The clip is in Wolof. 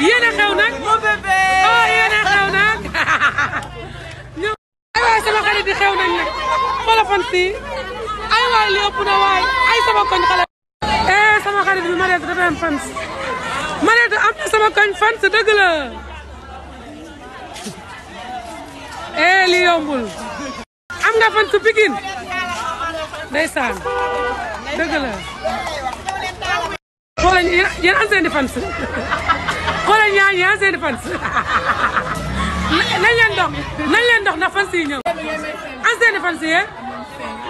yéen a xew nag oh yéen a sama xarit di xew nañ ay waay li ëpp na ay sama koñ xale eh sama xarit bi Mariette dafa am fans am na sama koñ fans dëgg la eh, li yombul am nga fans Pikine ndeysaan dëgg la xoolal yéen yéen am yaa ngi yéen seeni fans nañ leen dox nañ leen dox ndax fans yi ñëw an seeni fans yi